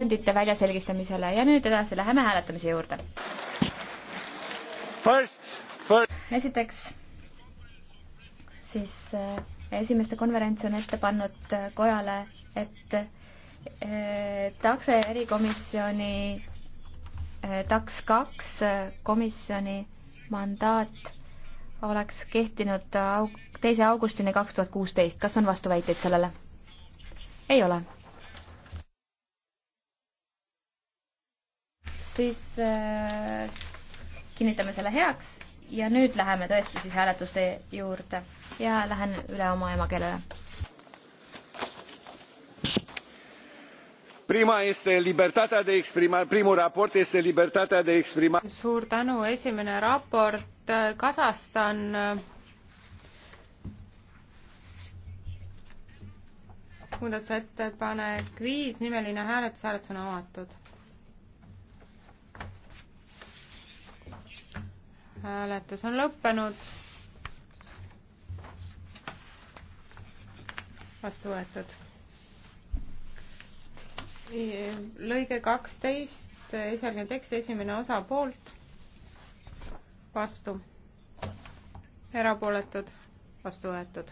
tõendite väljaselgistamisele ja nüüd edasi läheme hääletamise juurde. esiteks siis äh, esimeste konverents on ette pannud äh, kojale, et äh, takse erikomisjoni, taks kaks komisjoni mandaat oleks kehtinud teise augustini kaks tuhat kuusteist. kas on vastuväiteid sellele? ei ole siis äh, kinnitame selle heaks ja nüüd läheme tõesti siis hääletuste juurde ja lähen üle oma emakeelele. prima este libertatea de exprimare primul raport este libertatea de exprimare. suur tänu esimene raport äh, kasahstan muudatusettepanek viis nimeline hääletus hääletus on avatud hääletus on lõppenud. vastu võetud. lõige kaksteist, esialgne tekst, esimene osa poolt, vastu, erapooletud, vastu võetud.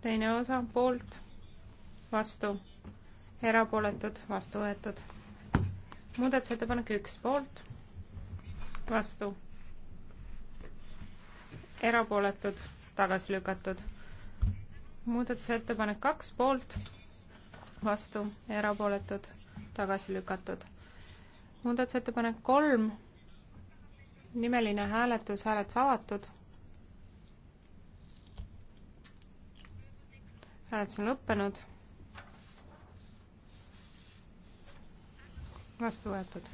teine osa poolt, vastu, erapooletud, vastu võetud. muudatusettepanek üks poolt, vastu erapooletud, tagasi lükatud. muudatusettepanek kaks poolt, vastu, erapooletud, tagasi lükatud. muudatusettepanek kolm, nimeline hääletus, hääletus avatud. hääletus on lõppenud. vastu võetud.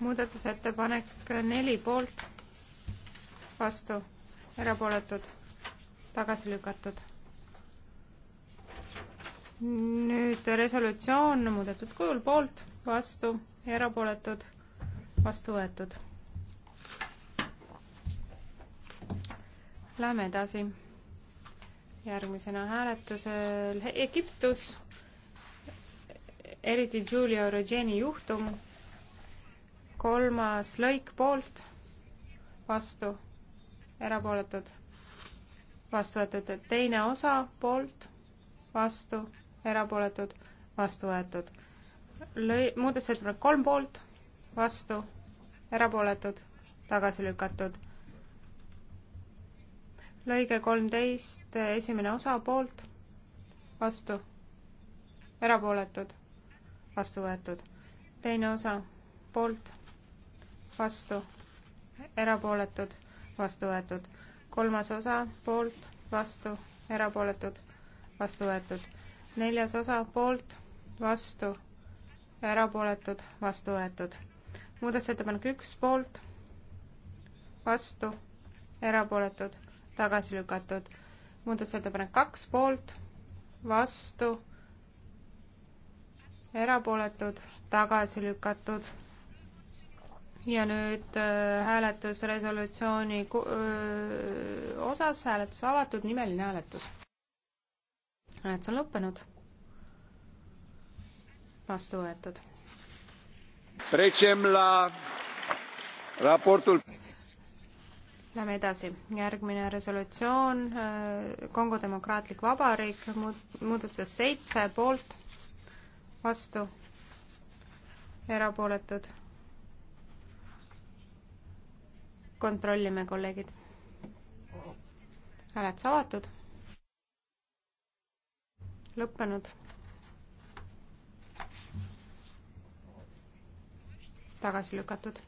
muudatusettepanek neli poolt vastu, erapooletud, tagasi lükatud. nüüd resolutsioon muudetud kujul poolt, vastu, erapooletud, vastu võetud. Läheme edasi. järgmisena hääletusel Egiptus, eriti Giulio Regeni juhtum, kolmas lõik poolt, vastu erapooletud, vastu võetud, teine osa poolt, vastu, erapooletud, vastu võetud. lõi-, muudatusettepanek kolm poolt, vastu, erapooletud, tagasi lükatud. lõige kolmteist, esimene osa poolt, vastu, erapooletud, vastu võetud. teine osa poolt, vastu, erapooletud vastu võetud. kolmas osa poolt, vastu, erapooletud, vastu võetud. neljas osa poolt, vastu, erapooletud, vastu võetud. muudatusettepanek üks poolt, vastu, erapooletud, tagasi lükatud. muudatusettepanek kaks poolt, vastu, erapooletud, tagasi lükatud ja nüüd äh, hääletus resolutsiooni osas, hääletus avatud, nimeline hääletus. hääletus on lõppenud. vastu võetud. Lähme edasi, järgmine resolutsioon, äh, Kongo Demokraatlik Vabariik, muudatus seitse poolt, vastu, erapooletud kontrollime, kolleegid. hääletus avatud. lõppenud. tagasi lükatud.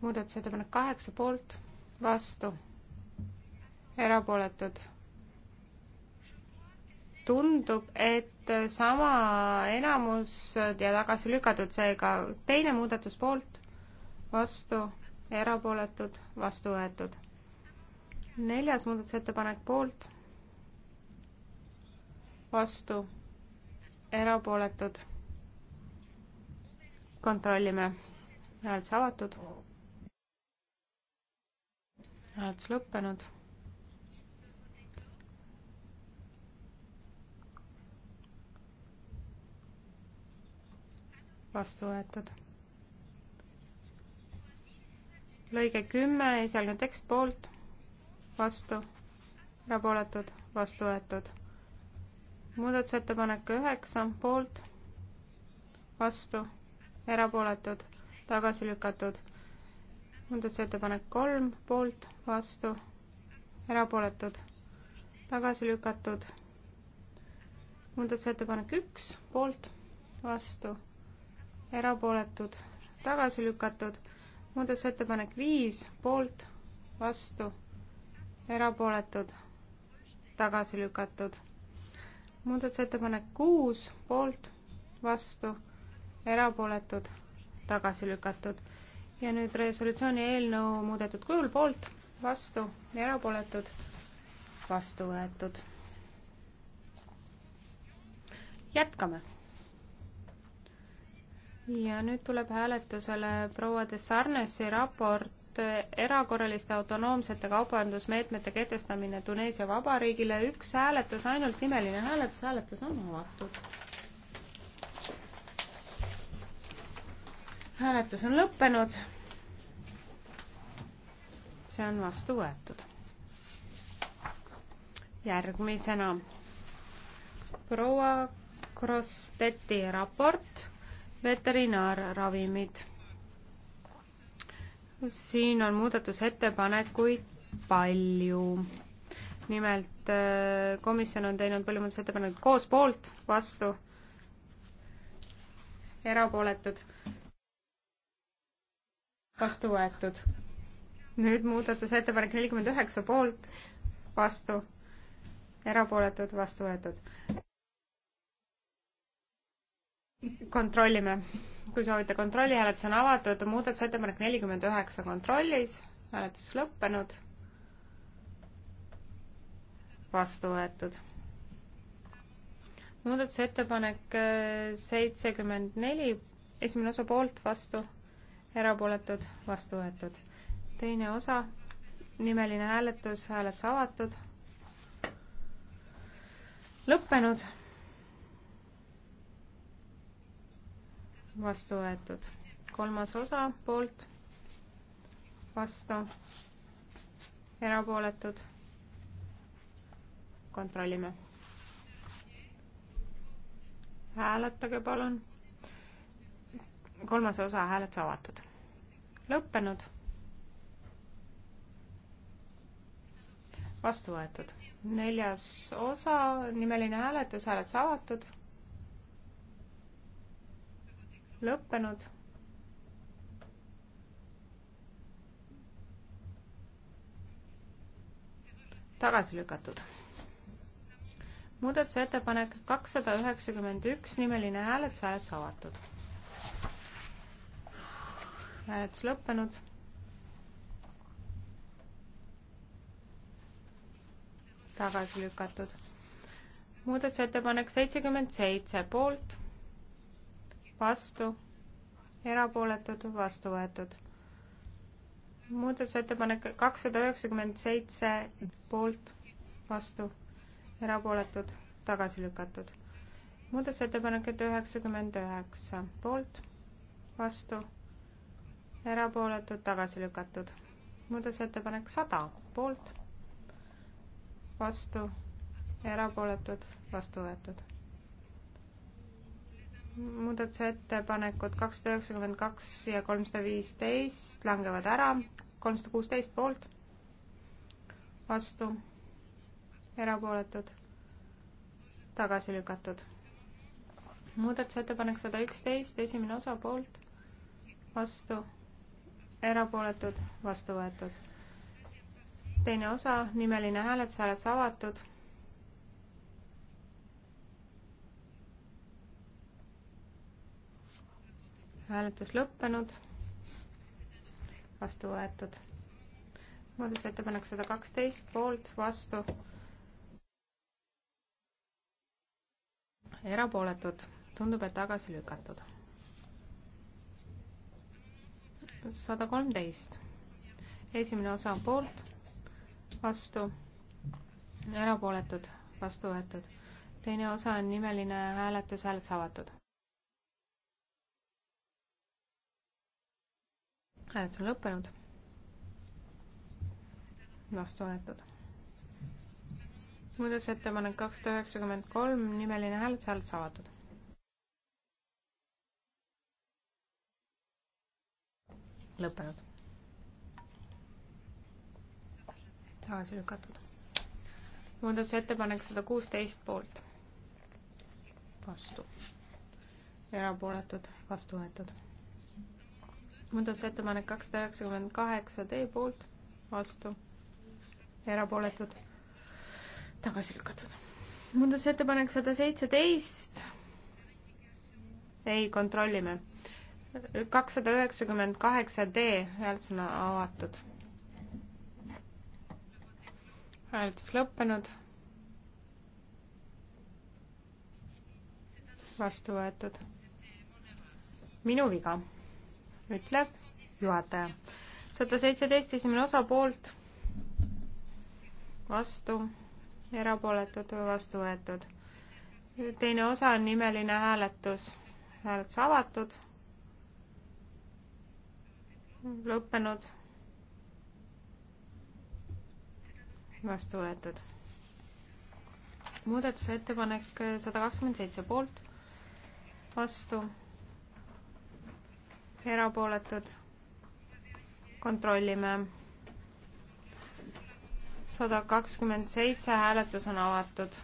muudatusettepanek kaheksa poolt, vastu, erapooletud. tundub, et sama enamus ja tagasi lükatud, seega teine muudatus poolt, vastu, erapooletud, vastu võetud. neljas muudatusettepanek poolt, vastu, erapooletud. kontrollime, hääletus avatud. hääletus lõppenud vastu võetud lõige kümme, esialgne tekst poolt, vastu, erapooletud, vastu võetud. muudatusettepanek üheksa, poolt, vastu, erapooletud, tagasi lükatud. muudatusettepanek kolm, poolt, vastu, erapooletud, tagasi lükatud. muudatusettepanek üks, poolt, vastu, erapooletud, tagasi lükatud muudatusettepanek viis, poolt, vastu, erapooletud, tagasi lükatud. muudatusettepanek kuus, poolt, vastu, erapooletud, tagasi lükatud. ja nüüd resolutsiooni eelnõu muudetud kujul poolt, vastu, erapooletud, vastu võetud. jätkame ja nüüd tuleb hääletusele proua de Sarnesi raport eh, erakorraliste autonoomsete kaubandusmeetmete kehtestamine Tuneesia Vabariigile. üks hääletus, ainult nimeline hääletus, hääletus on avatud. hääletus on lõppenud. see on vastu võetud. järgmisena proua Krosteti raport veterinaarravimid. siin on muudatusettepanekuid palju. nimelt äh, komisjon on teinud palju muudatusettepanekuid koos poolt, vastu, erapooletud, vastu võetud. nüüd muudatusettepanek nelikümmend üheksa poolt, vastu, erapooletud, vastu võetud kontrollime. kui soovite kontrolli, hääletus on avatud, muudatusettepanek nelikümmend üheksa kontrollis, hääletus lõppenud, vastu võetud. muudatusettepanek äh, seitsekümmend neli, esimene osa poolt, vastu, erapooletud, vastu võetud. teine osa, nimeline hääletus, hääletus avatud, lõppenud vastu võetud. kolmas osa poolt, vastu, erapooletud. kontrollime. hääletage palun. kolmas osa hääletus avatud. lõppenud. vastu võetud. neljas osa, nimeline hääletus, hääletus avatud lõppenud. tagasi lükatud. muudatusettepanek kakssada üheksakümmend üks, nimeline hääletus, hääletus avatud. hääletus lõppenud. tagasi lükatud muudatusettepanek seitsekümmend seitse poolt vastu, erapooletud, vastu võetud. muudatusettepanek kakssada üheksakümmend seitse poolt, vastu, erapooletud, tagasi lükatud. muudatusettepanekut üheksakümmend üheksa poolt, vastu, erapooletud, tagasi lükatud. muudatusettepanek sada poolt, vastu, erapooletud, vastu võetud muudatusettepanekud kakssada üheksakümmend kaks ja kolmsada viisteist langevad ära, kolmsada kuusteist poolt, vastu, erapooletud, tagasi lükatud. muudatusettepanek sada üksteist, esimene osa poolt, vastu, erapooletud, vastu võetud. teine osa, nimeline hääletus, hääletus avatud hääletus lõppenud. vastu võetud. muudatusettepanek sada kaksteist, poolt, vastu. erapooletud, tundub, et tagasi lükatud. sada kolmteist, esimene osa poolt, vastu, erapooletud, vastu võetud. teine osa on nimeline hääletus, hääletus avatud. hääletus on lõppenud. vastu võetud. muudatusettepanek kakssada üheksakümmend kolm, nimeline hääletus, hääletus avatud. lõppenud. tagasi lükatud. muudatusettepanek sada kuusteist poolt. vastu. erapooletud, vastu võetud muudatusettepanek kakssada üheksakümmend kaheksa teie poolt, vastu, erapooletud, tagasi lükatud. muudatusettepanek sada seitseteist, ei, kontrollime. kakssada üheksakümmend kaheksa D hääletus on avatud. hääletus lõppenud. vastu võetud. minu viga ütleb juhataja. sada seitseteist esimene osa poolt, vastu, erapooletud või vastu võetud. teine osa on nimeline hääletus, hääletus avatud, lõppenud, vastu võetud. muudatusettepanek eh, sada kakskümmend seitse poolt, vastu erapooletud, kontrollime. sada kakskümmend seitse, hääletus on avatud.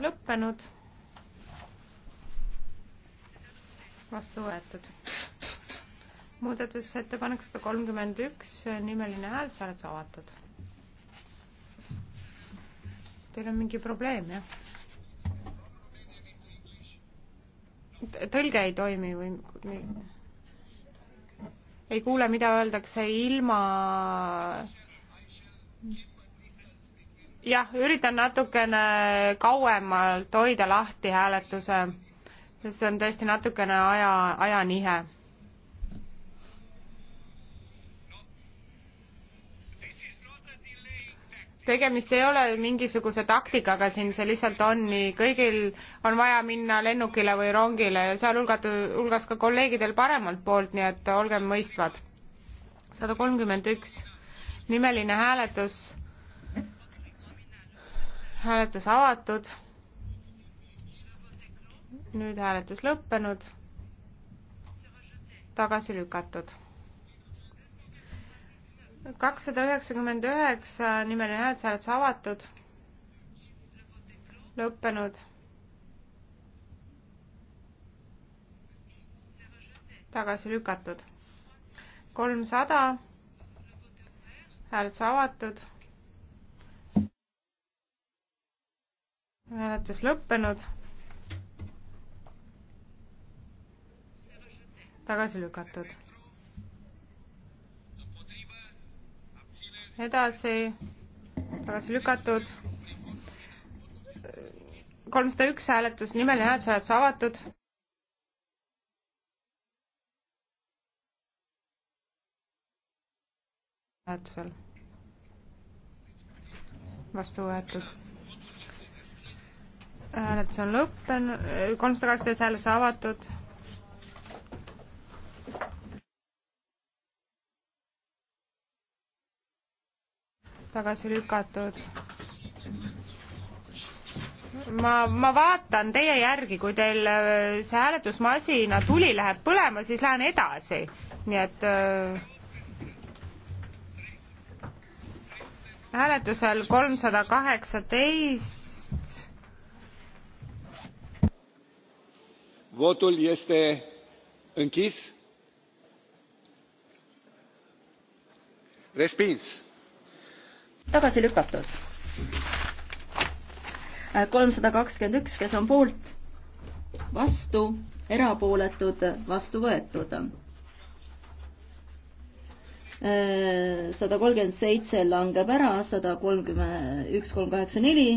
lõppenud. vastu võetud. muudatusettepanek sada kolmkümmend üks, nimeline hääletus, hääletus avatud. Teil on mingi probleem, jah? tõlge ei toimi või ei kuule, mida öeldakse ilma jah, üritan natukene kauemalt hoida lahti hääletuse, sest see on tõesti natukene aja, ajanihe tegemist ei ole mingisuguse taktikaga siin, see lihtsalt on nii, kõigil on vaja minna lennukile või rongile ja sealhulgas ka kolleegidel paremalt poolt, nii et olgem mõistvad. sada kolmkümmend üks, nimeline hääletus, hääletus avatud, nüüd hääletus lõppenud, tagasi lükatud kakssada üheksakümmend üheksa nimeline hääletus avatud, lõppenud, tagasi lükatud. kolmsada, hääletus avatud, hääletus lõppenud tagasi lükatud. edasi, tagasi lükatud. kolmsada üks hääletus, nimeline hääletus avatud. hääletusel. vastu võetud. hääletus on lõppenud, kolmsada kaksteist hääletus avatud tagasi lükatud. ma, ma vaatan teie järgi, kui teil äh, see hääletusmasina tuli läheb põlema, siis lähen edasi, nii et äh, hääletusel kolmsada kaheksateist. Votul este închis. Respins tagasi lükatud. kolmsada kakskümmend üks, kes on poolt, vastu, erapooletud, vastu võetud. sada kolmkümmend seitse langeb ära, sada kolmkümmend üks, kolm kaheksa, neli,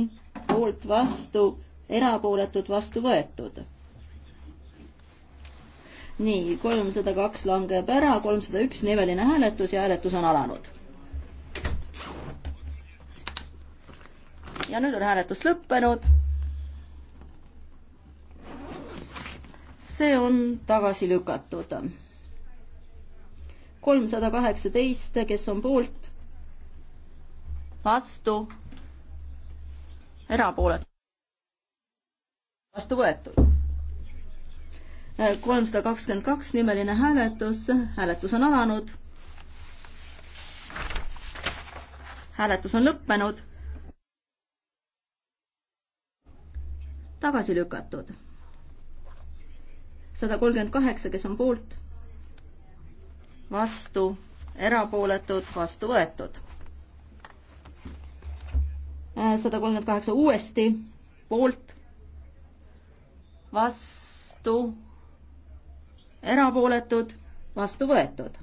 poolt, vastu, erapooletud, vastu võetud nii, kolmsada kaks langeb ära, kolmsada üks nimeline hääletus ja hääletus on alanud ja nüüd on hääletus lõppenud. see on tagasi lükatud. kolmsada kaheksateist, kes on poolt, vastu, erapooletu, vastu võetud kolmsada kakskümmend kaks nimeline hääletus, hääletus on alanud. hääletus on lõppenud tagasi lükatud. sada kolmkümmend kaheksa, kes on poolt, vastu, erapooletud, vastu võetud. sada kolmkümmend kaheksa uuesti, poolt, vastu, erapooletud, vastu võetud.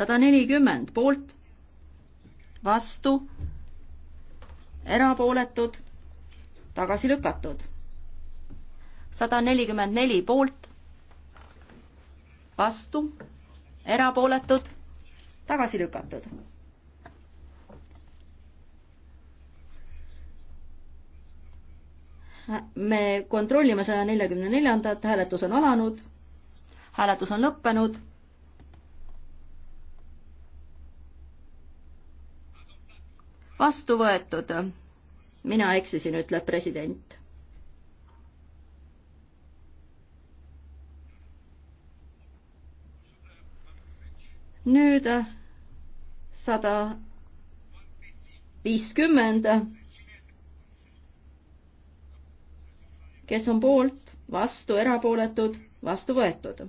sada nelikümmend poolt, vastu, erapooletud tagasi lükatud. sada nelikümmend neli poolt, vastu, erapooletud, tagasi lükatud. me kontrollime saja neljakümne neljandat, hääletus on alanud, hääletus on lõppenud vastu võetud mina eksisin, ütleb president. nüüd äh, sada viiskümmend. Äh, kes on poolt, vastu, erapooletud, vastu võetud.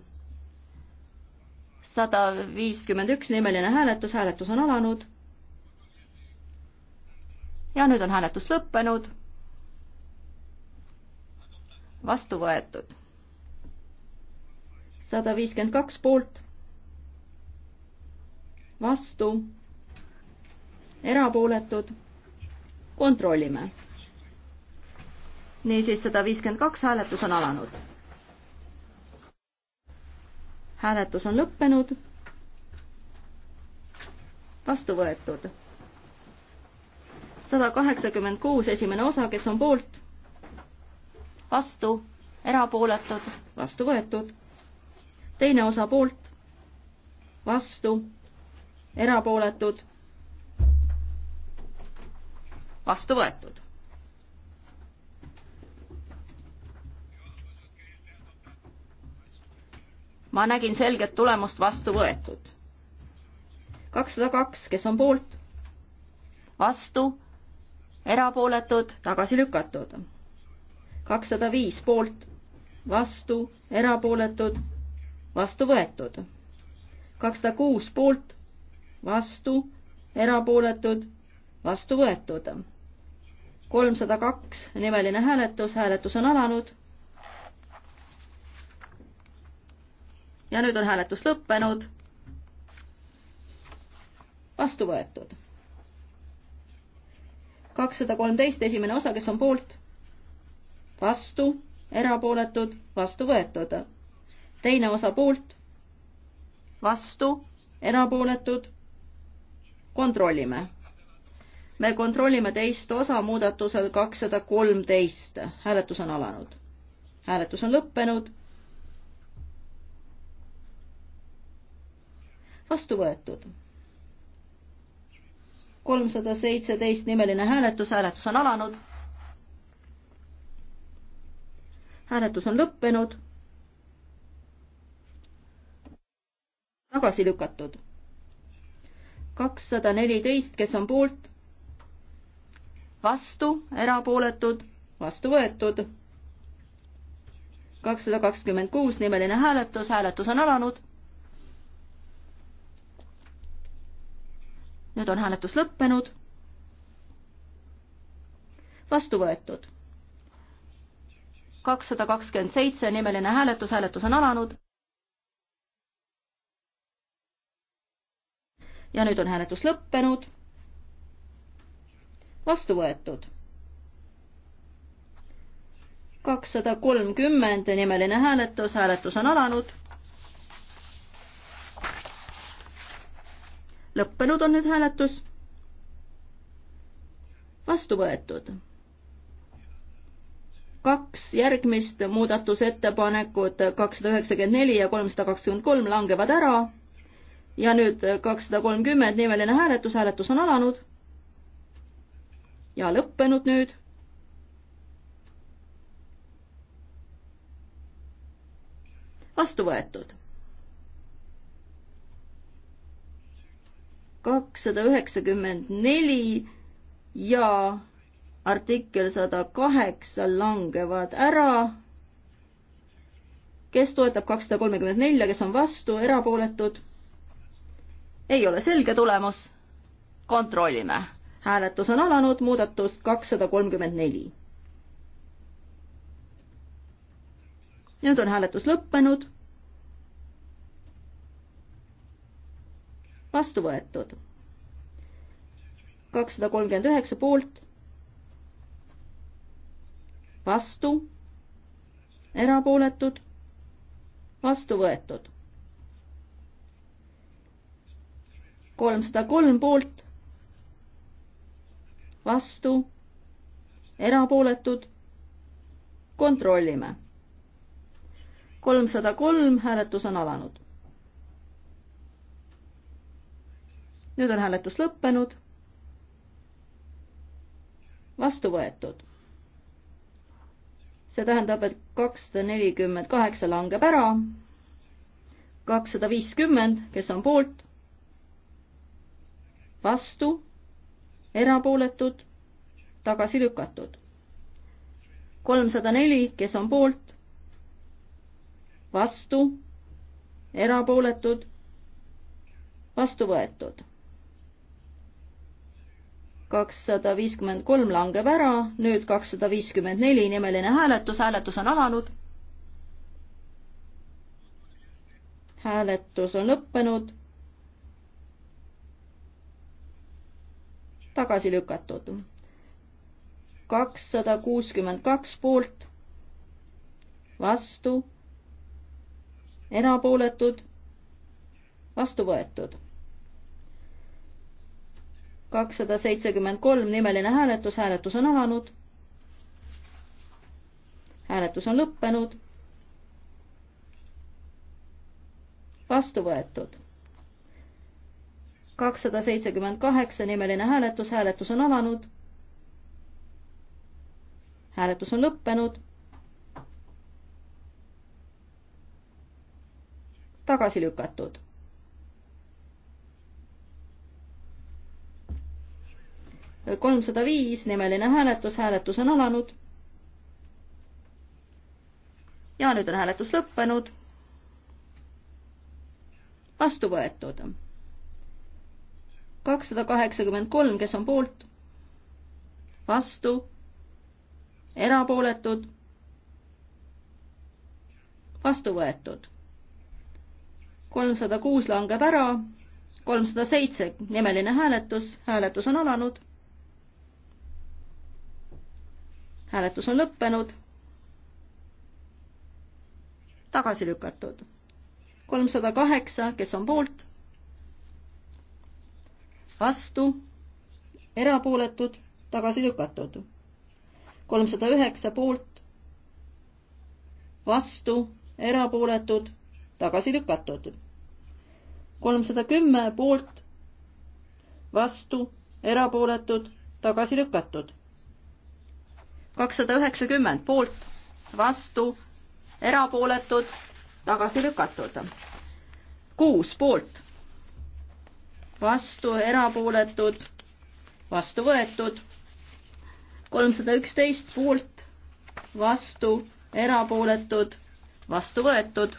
sada viiskümmend üks nimeline hääletus, hääletus on alanud ja nüüd on hääletus lõppenud. vastu võetud. sada viiskümmend kaks poolt. vastu. erapooletud. kontrollime. niisiis, sada viiskümmend kaks hääletus on alanud. hääletus on lõppenud. vastu võetud sada kaheksakümmend kuus, esimene osa, kes on poolt, vastu, erapooletud, vastu võetud. teine osa poolt, vastu, erapooletud, vastu võetud. ma nägin selget tulemust vastu võetud. kakssada kaks, kes on poolt, vastu erapooletud, tagasi lükatud. kakssada viis poolt, vastu, erapooletud, vastu võetud. kakssada kuus poolt, vastu, erapooletud, vastu võetud. kolmsada kaks nimeline hääletus, hääletus on alanud. ja nüüd on hääletus lõppenud. vastu võetud kakssada kolmteist, esimene osa, kes on poolt? vastu, erapooletud, vastu võetud. teine osa poolt, vastu, erapooletud, kontrollime. me kontrollime teist osa muudatusel kakssada kolmteist, hääletus on alanud. hääletus on lõppenud. vastu võetud kolmsada seitseteist nimeline hääletus, hääletus on alanud. hääletus on lõppenud. tagasi lükatud. kakssada neliteist, kes on poolt, vastu, erapooletud, vastu võetud. kakssada kakskümmend kuus nimeline hääletus, hääletus on alanud nüüd on hääletus lõppenud. vastu võetud. kakssada kakskümmend seitse nimeline hääletus, hääletus on alanud. ja nüüd on hääletus lõppenud. vastu võetud. kakssada kolmkümmend nimeline hääletus, hääletus on alanud lõppenud on nüüd hääletus. vastu võetud. kaks järgmist muudatusettepanekut, kakssada üheksakümmend neli ja kolmsada kakskümmend kolm langevad ära. ja nüüd kakssada kolmkümmend nimeline hääletus, hääletus on alanud. ja lõppenud nüüd vastu võetud kakssada üheksakümmend neli ja artikkel sada kaheksa langevad ära. kes toetab kakssada kolmekümmend nelja, kes on vastu, erapooletud? ei ole selge tulemus. kontrollime. hääletus on alanud, muudatus kakssada kolmkümmend neli. nüüd on hääletus lõppenud vastu võetud. kakssada kolmkümmend üheksa poolt, vastu, erapooletud, vastu võetud. kolmsada kolm poolt, vastu, erapooletud, kontrollime. kolmsada kolm hääletus on alanud. nüüd on hääletus lõppenud. vastu võetud. see tähendab, et kakssada nelikümmend kaheksa langeb ära. kakssada viiskümmend, kes on poolt, vastu, erapooletud, tagasi lükatud. kolmsada neli, kes on poolt, vastu, erapooletud, vastu võetud kakssada viiskümmend kolm langeb ära, nüüd kakssada viiskümmend neli nimeline hääletus, hääletus on alanud. hääletus on lõppenud. tagasi lükatud. kakssada kuuskümmend kaks poolt, vastu, erapooletud, vastu võetud kakssada seitsekümmend kolm nimeline hääletus, hääletus on alanud. hääletus on lõppenud. vastu võetud. kakssada seitsekümmend kaheksa nimeline hääletus, hääletus on alanud. hääletus on lõppenud. tagasi lükatud kolmsada viis nimeline hääletus, hääletus on alanud. ja nüüd on hääletus lõppenud. vastu võetud. kakssada kaheksakümmend kolm, kes on poolt, vastu, erapooletud, vastu võetud. kolmsada kuus langeb ära, kolmsada seitse nimeline hääletus, hääletus on alanud hääletus on lõppenud. tagasi lükatud. kolmsada kaheksa, kes on poolt? vastu, erapooletud, tagasi lükatud. kolmsada üheksa poolt, vastu, erapooletud, tagasi lükatud. kolmsada kümme poolt, vastu, erapooletud, tagasi lükatud kakssada üheksakümmend poolt, vastu, erapooletud, tagasi lükatud. kuus poolt, vastu, erapooletud, vastu võetud. kolmsada üksteist poolt, vastu, erapooletud, vastu võetud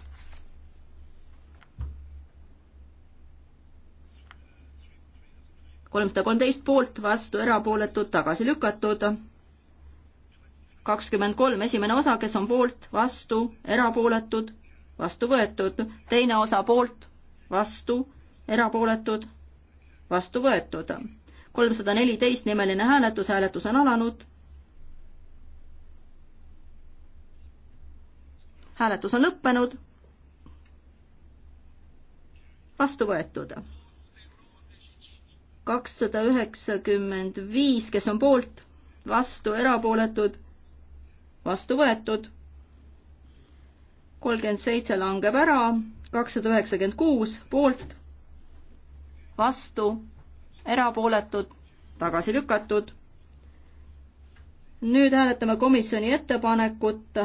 kolmsada kolmteist poolt, vastu erapooletud, tagasi lükatud kakskümmend kolm, esimene osa, kes on poolt, vastu, erapooletud, vastu võetud, teine osa poolt, vastu, erapooletud, vastu võetud. kolmsada neliteist nimeline hääletus, hääletus on alanud. hääletus on lõppenud. vastu võetud. kakssada üheksakümmend viis, kes on poolt, vastu, erapooletud vastu võetud. kolmkümmend seitse langeb ära, kakssada üheksakümmend kuus poolt, vastu, erapooletud, tagasi lükatud. nüüd hääletame komisjoni ettepanekut.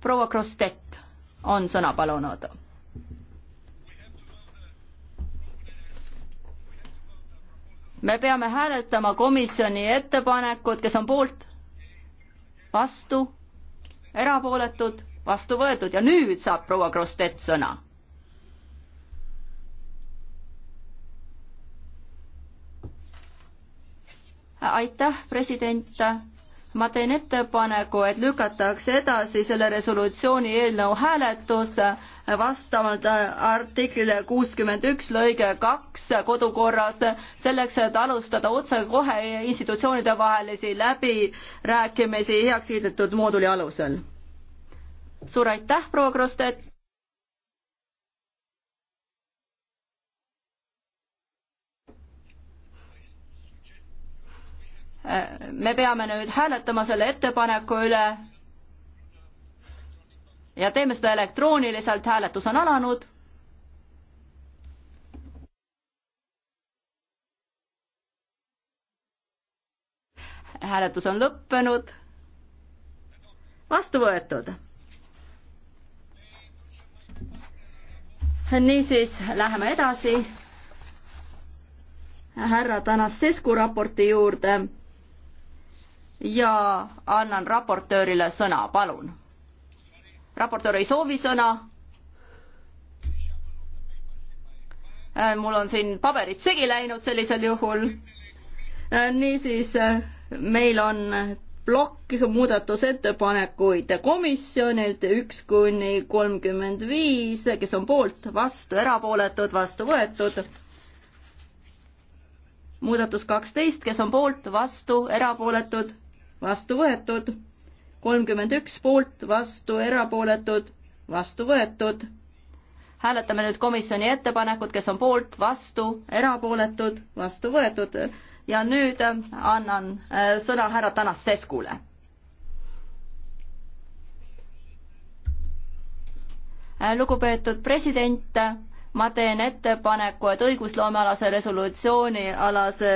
proua Krostet on sõna palunud me peame hääletama komisjoni ettepanekut, kes on poolt, vastu, erapooletud, vastu võetud ja nüüd saab proua Krossett sõna. aitäh, president ma teen ettepaneku, et lükatakse edasi selle resolutsiooni eelnõu hääletus vastavalt artiklile kuuskümmend üks lõige kaks kodukorras, selleks et alustada otsekohe institutsioonide vahelisi läbirääkimisi heaks kiidetud mooduli alusel. suur aitäh, proua Krossett! me peame nüüd hääletama selle ettepaneku üle ja teeme seda elektrooniliselt, hääletus on alanud. hääletus on lõppenud. vastu võetud. niisiis, läheme edasi härra Tanassescu raporti juurde ja annan raportöörile sõna, palun. raportöör ei soovi sõna. Äh, mul on siin paberid segi läinud sellisel juhul. Äh, niisiis, äh, meil on plokk muudatusettepanekuid komisjonilt üks kuni kolmkümmend viis, kes on poolt, vastu, erapooletud, vastu võetud muudatus kaksteist, kes on poolt, vastu, erapooletud, vastu võetud, kolmkümmend üks poolt, vastu erapooletud, vastu võetud. hääletame nüüd komisjoni ettepanekut, kes on poolt, vastu, erapooletud, vastu võetud ja nüüd äh, annan äh, sõna härra Tanas Seskule. Äh, lugupeetud president, ma teen ettepaneku, et õigusloomealase resolutsiooni alase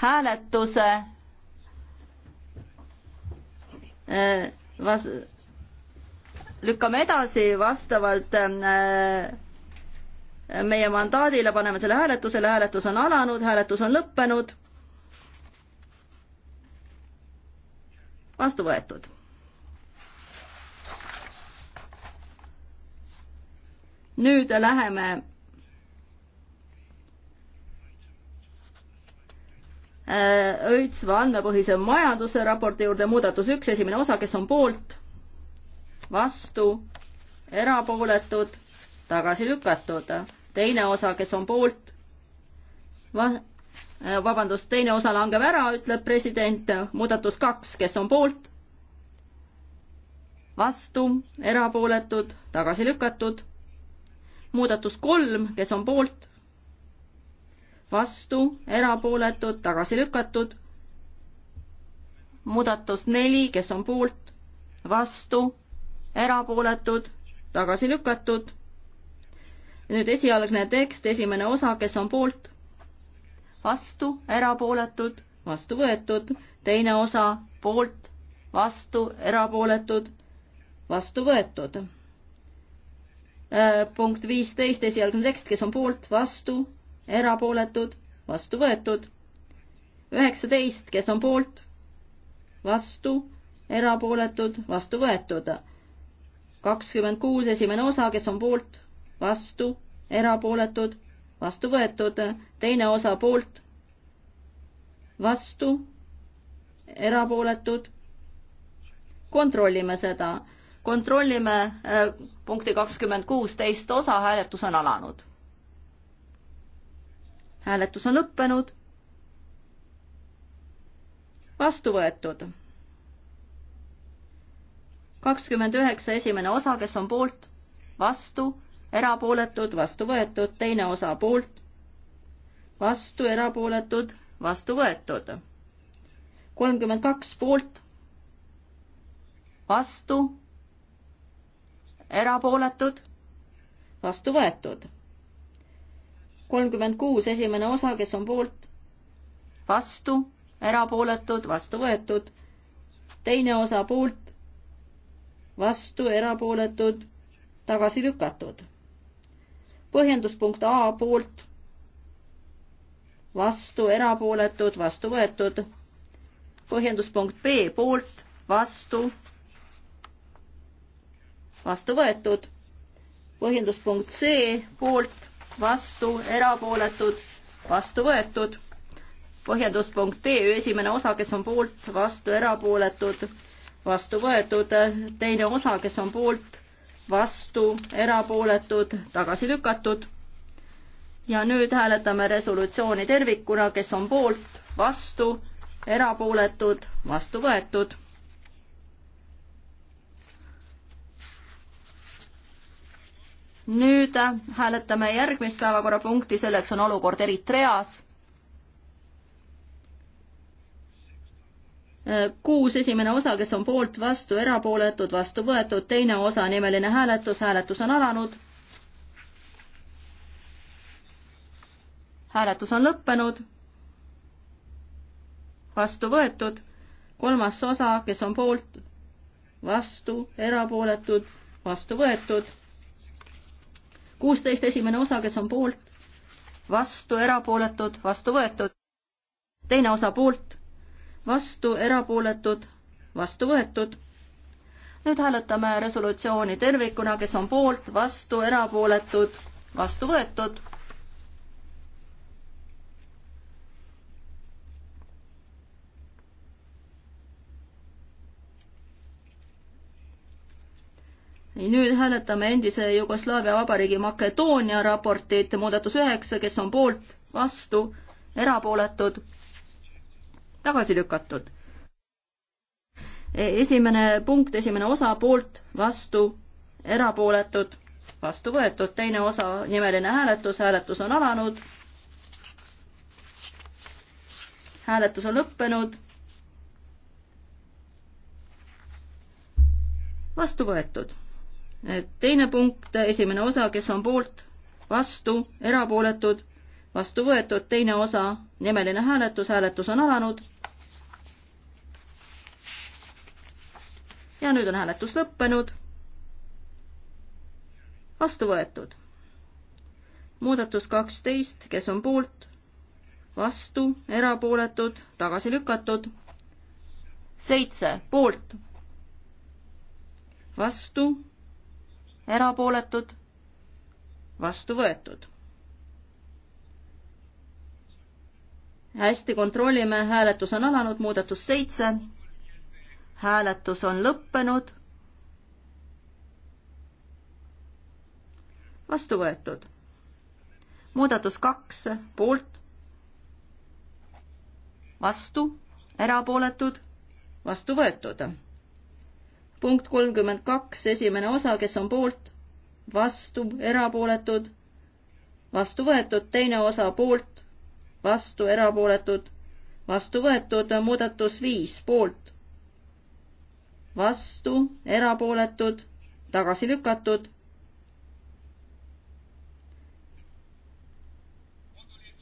hääletuse Äh, vas-, lükkame edasi vastavalt äh, meie mandaadile, paneme selle hääletusele, hääletus on alanud, hääletus on lõppenud. vastu võetud. nüüd läheme Äh, õitsva andmepõhise majanduse raporti juurde muudatus üks, esimene osa, kes on poolt, vastu, erapooletud, tagasi lükatud. teine osa, kes on poolt, va-, äh, vabandust, teine osa langeb ära, ütleb president, muudatus kaks, kes on poolt, vastu, erapooletud, tagasi lükatud. muudatus kolm, kes on poolt, vastu, erapooletud, tagasi lükatud. muudatus neli, kes on poolt, vastu, erapooletud, tagasi lükatud. nüüd esialgne tekst, esimene osa, kes on poolt, vastu, erapooletud, vastu võetud, teine osa, poolt, vastu, erapooletud, vastu võetud äh, punkt viisteist, esialgne tekst, kes on poolt, vastu, erapooletud, vastu võetud. üheksateist, kes on poolt, vastu, erapooletud, vastu võetud. kakskümmend kuus, esimene osa, kes on poolt, vastu, erapooletud, vastu võetud, teine osa poolt, vastu, erapooletud. kontrollime seda, kontrollime äh, punkti kakskümmend kuus teist osa, hääletus on alanud hääletus on lõppenud. vastu võetud. kakskümmend üheksa esimene osa, kes on poolt, vastu, erapooletud, vastu võetud, teine osa poolt, vastu, erapooletud, vastu võetud. kolmkümmend kaks poolt, vastu, erapooletud, vastu võetud kolmkümmend kuus, esimene osa, kes on poolt, vastu, erapooletud, vastu võetud. teine osa poolt, vastu, erapooletud, tagasi lükatud. põhjenduspunkt A poolt, vastu, erapooletud, vastu võetud. põhjenduspunkt B poolt, vastu, vastu võetud. põhjenduspunkt C poolt vastu, erapooletud, vastu võetud. põhjenduspunkt D, esimene osa, kes on poolt, vastu, erapooletud, vastu võetud, teine osa, kes on poolt, vastu, erapooletud, tagasi lükatud. ja nüüd hääletame resolutsiooni tervikuna, kes on poolt, vastu, erapooletud, vastu võetud nüüd hääletame järgmist päevakorrapunkti, selleks on olukord Eritreas. kuus esimene osa, kes on poolt, vastu, erapooletud, vastu võetud, teine osa, nimeline hääletus, hääletus on alanud. hääletus on lõppenud. vastu võetud, kolmas osa, kes on poolt, vastu, erapooletud, vastu võetud kuusteist esimene osa, kes on poolt, vastu, erapooletud, vastu võetud. teine osa poolt, vastu, erapooletud, vastu võetud. nüüd hääletame resolutsiooni tervikuna, kes on poolt, vastu, erapooletud, vastu võetud nüüd hääletame endise Jugoslaavia Vabariigi Makedoonia raportit, muudatus üheksa, kes on poolt, vastu, erapooletud, tagasi lükatud. E, esimene punkt, esimene osa poolt, vastu, erapooletud, vastu võetud, teine osa, nimeline hääletus, hääletus on alanud. hääletus on lõppenud. vastu võetud teine punkt, esimene osa, kes on poolt, vastu, erapooletud, vastu võetud, teine osa, nimeline hääletus, hääletus on alanud. ja nüüd on hääletus lõppenud. vastu võetud. muudatus kaksteist, kes on poolt, vastu, erapooletud, tagasi lükatud. seitse, poolt, vastu erapooletud, vastu võetud. hästi, kontrollime, hääletus on alanud, muudatus seitse. hääletus on lõppenud. vastu võetud. muudatus kaks, poolt, vastu, erapooletud, vastu võetud punkt kolmkümmend kaks, esimene osa, kes on poolt, vastu, erapooletud, vastu võetud, teine osa poolt, vastu, erapooletud, vastu võetud, muudatus viis, poolt, vastu, erapooletud, tagasi lükatud.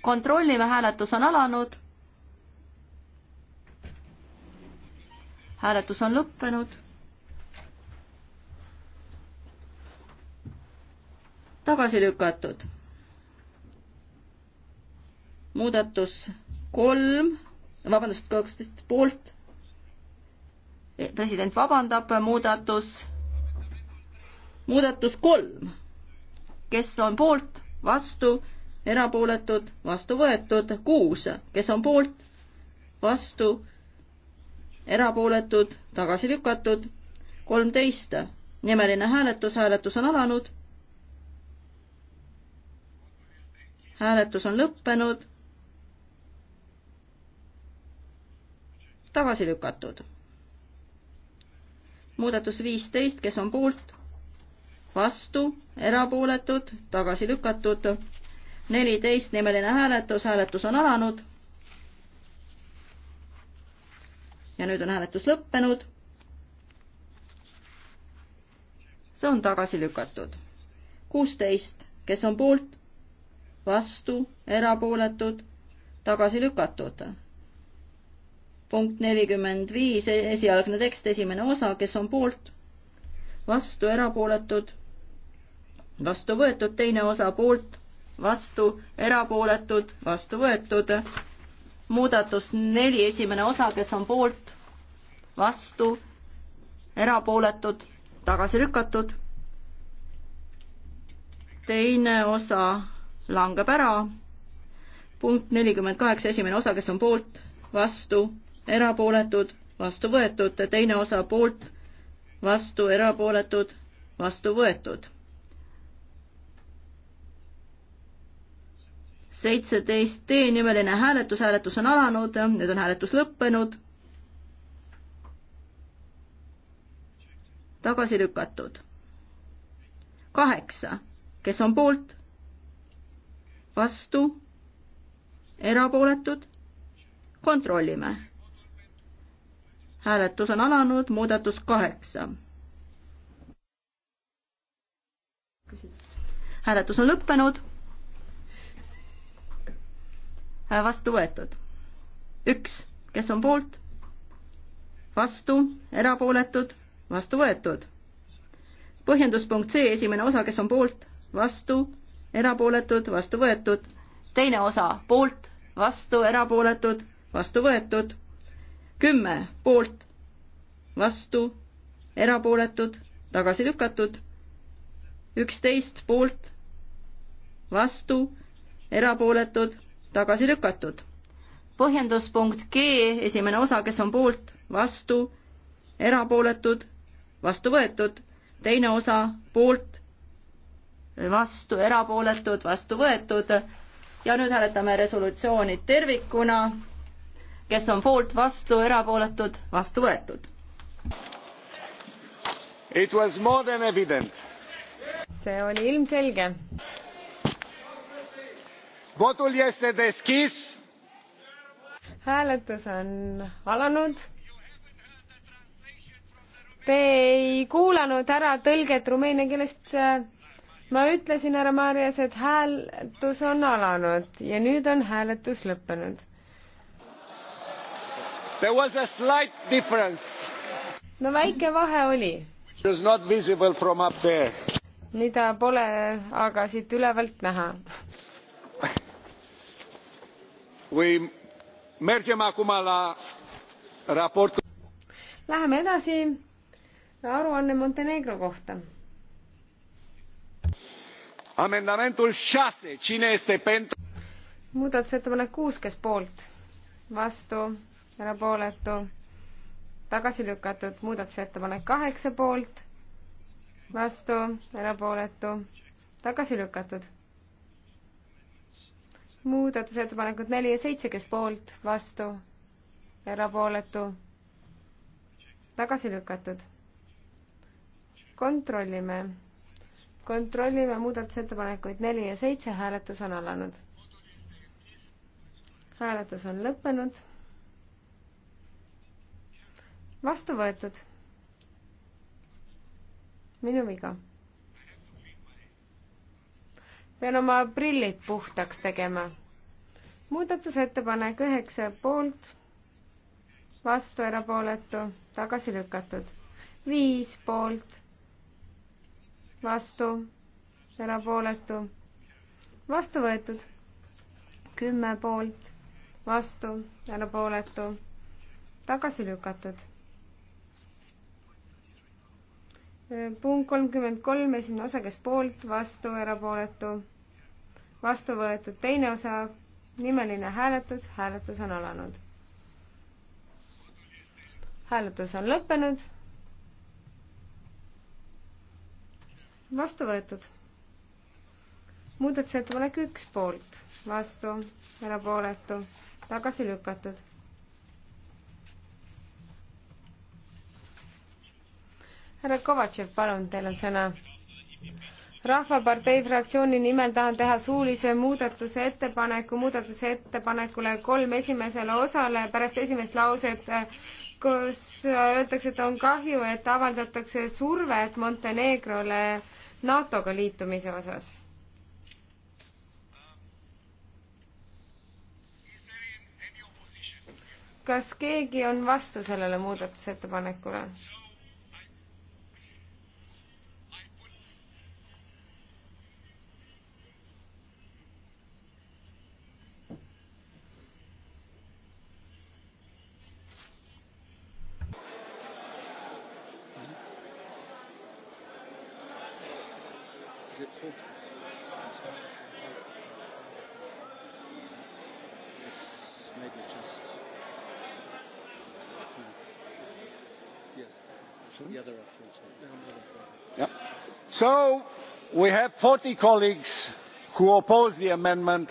kontrollime, hääletus on alanud. hääletus on lõppenud tagasi lükatud. muudatus kolm, vabandust, kaksteist poolt. president vabandab, muudatus, muudatus kolm. kes on poolt, vastu, erapooletud, vastu võetud, kuus, kes on poolt, vastu, erapooletud, tagasi lükatud, kolmteist. nimeline hääletus, hääletus on alanud hääletus on lõppenud. tagasi lükatud. muudatus viisteist, kes on poolt, vastu, erapooletud, tagasi lükatud. neliteist nimeline hääletus, hääletus on alanud. ja nüüd on hääletus lõppenud. see on tagasi lükatud. kuusteist, kes on poolt vastu, erapooletud, tagasi lükatud. punkt nelikümmend viis, e-, esialgne tekst, esimene osa, kes on poolt, vastu, erapooletud, vastu võetud, teine osa poolt, vastu, erapooletud, vastu võetud. muudatus neli, esimene osa, kes on poolt, vastu, erapooletud, tagasi lükatud. teine osa langeb ära. punkt nelikümmend kaheksa, esimene osa, kes on poolt, vastu, erapooletud, vastu võetud, teine osa poolt, vastu, erapooletud, vastu võetud. seitseteist D nimeline hääletus, hääletus on alanud, nüüd on hääletus lõppenud tagasi lükatud. kaheksa, kes on poolt, vastu, erapooletud, kontrollime. hääletus on alanud, muudatus kaheksa. hääletus on lõppenud. vastu võetud. üks, kes on poolt? vastu, erapooletud, vastu võetud. põhjenduspunkt C, esimene osa, kes on poolt, vastu, erapooletud, vastu võetud, teine osa poolt, vastu, erapooletud, vastu võetud, kümme poolt, vastu, erapooletud, tagasi lükatud, üksteist poolt, vastu, erapooletud, tagasi lükatud. põhjenduspunkt G, esimene osa, kes on poolt, vastu, erapooletud, vastu võetud, teine osa poolt, vastu, erapooletud, vastu võetud. ja nüüd hääletame resolutsiooni tervikuna. kes on poolt, vastu, erapooletud, vastu võetud. It was more than evident. see oli ilmselge. Votul este deschis. hääletus on alanud te ei kuulanud ära tõlget rumeenia keelest ma ütlesin, härra Marjas, et hääletus on alanud ja nüüd on hääletus lõppenud. no väike vahe oli. mida pole aga siit ülevalt näha. Läheme edasi aruanne Montenegro kohta amendamentul șase cine este pentru? muudatusettepanek kuus kes poolt vastu erapooletu tagasi lükatud muudatusettepanek kaheksa poolt vastu erapooletu tagasi lükatud muudatusettepanekud neli ja seitse kes poolt vastu erapooletu tagasi lükatud kontrollime kontrollime muudatusettepanekuid neli ja seitse, hääletus on alanud. hääletus on lõppenud. vastu võetud. minu viga. pean oma prillid puhtaks tegema. muudatusettepanek üheksa poolt, vastu erapooletu, tagasi lükatud. viis poolt vastu, erapooletu, vastu võetud. kümme poolt, vastu, erapooletu, tagasi lükatud. punkt kolmkümmend kolm, esimene osa, kes poolt, vastu, erapooletu, vastu võetud, teine osa, nimeline hääletus, hääletus on alanud. hääletus on lõppenud vastu võetud. muudatusettepanek üks poolt, vastu, erapooletu, tagasi lükatud. härra Kovatšev, palun, teil on sõna rahvapartei fraktsiooni nimel tahan teha suulise muudatuse ettepaneku muudatusettepanekule kolm esimesele osale pärast esimest lauset äh, kus äh, öeldakse, et on kahju, et avaldatakse survet Montenegrole NATO-ga liitumise osas. kas keegi on vastu sellele muudatusettepanekule? maybe just yes, the other yep. So we have 40 colleagues who oppose the amendment.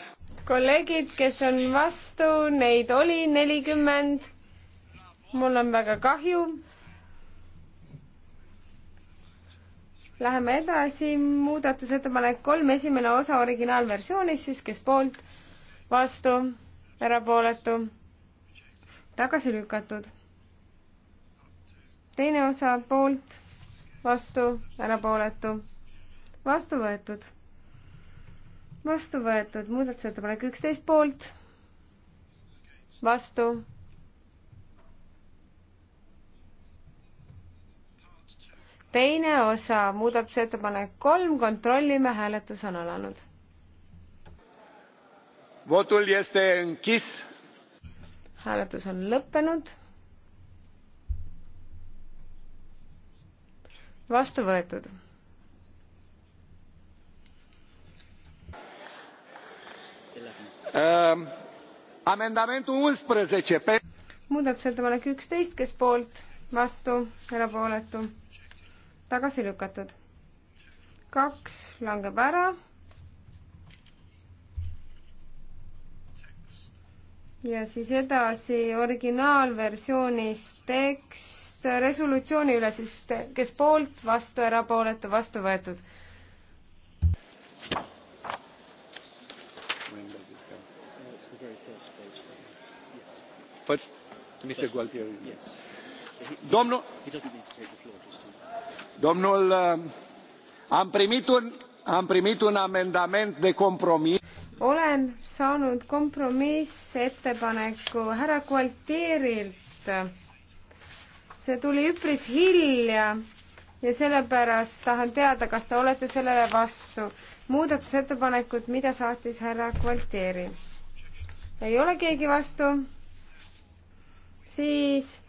kolleegid, kes on vastu, neid oli nelikümmend. mul on väga kahju. Läheme edasi, muudatusettepanek kolm, esimene osa originaalversioonis siis, kes poolt, vastu erapooletu, tagasi lükatud. teine osa poolt, vastu, erapooletu, vastu võetud. vastu võetud, muudatusettepanek üksteist poolt, vastu teine osa, muudatusettepanek kolm, kontrollime, hääletus on alanud votul este închis. hääletus on lõppenud. vastu võetud. Ähm, amendamentul unsprezece pe. muudatusettepanek üksteist, kes poolt, vastu, erapooletu, tagasi lükatud. kaks langeb ära ja siis edasi originaalversioonis tekst resolutsiooni üle siis, kes poolt, vastu, erapooletu, vastu võetud. First, Mr Gualtieri. Yes. Domnul, domnul, um, am primit un, am primit un amendament de compromis olen saanud kompromissettepaneku härra Gualtierilt. see tuli üpris hilja ja sellepärast tahan teada, kas te olete sellele vastu. muudatusettepanekud, mida saatis härra Gualtieri? ei ole keegi vastu? siis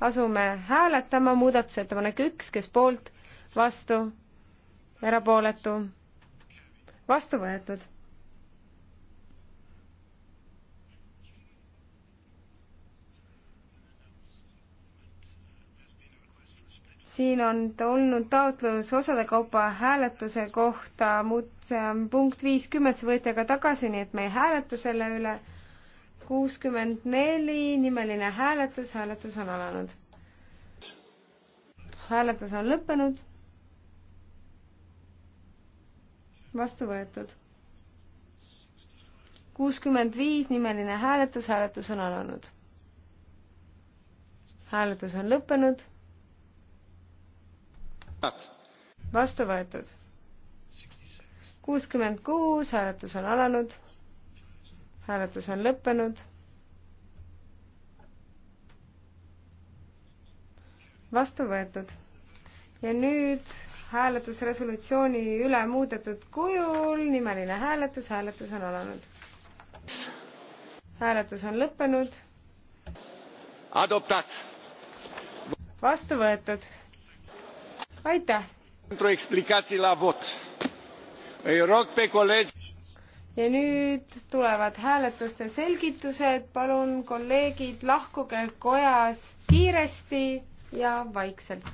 asume hääletama muudatusettepanek üks, kes poolt, vastu, erapooletu, vastu võetud siin on olnud taotlus osade kaupa hääletuse kohta, see on punkt viiskümmend, see võeti aga tagasi, nii et me ei hääleta selle üle. kuuskümmend neli, nimeline hääletus, hääletus on alanud. hääletus on lõppenud. vastu võetud. kuuskümmend viis, nimeline hääletus, hääletus on alanud. hääletus on lõppenud vastu võetud. kuuskümmend kuus, hääletus on alanud. hääletus on lõppenud. vastu võetud. ja nüüd hääletus resolutsiooni üle muudetud kujul, nimeline hääletus, hääletus on alanud. hääletus on lõppenud. vastu võetud aitäh! ja nüüd tulevad hääletuste selgitused, palun kolleegid, lahkuge kojast kiiresti ja vaikselt.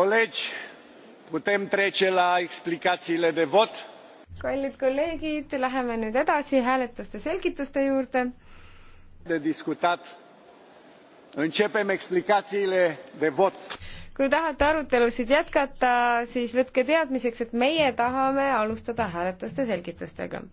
Colegi, putem trece la explicațiile de vot. Kallid kolleegid, läheme nüüd edasi hääletuste selgituste juurde. De discutat. Începem explicațiile de vot. Kui tahate arutelusid jätkata, siis võtke teadmiseks, et meie tahame alustada hääletuste selgitustega.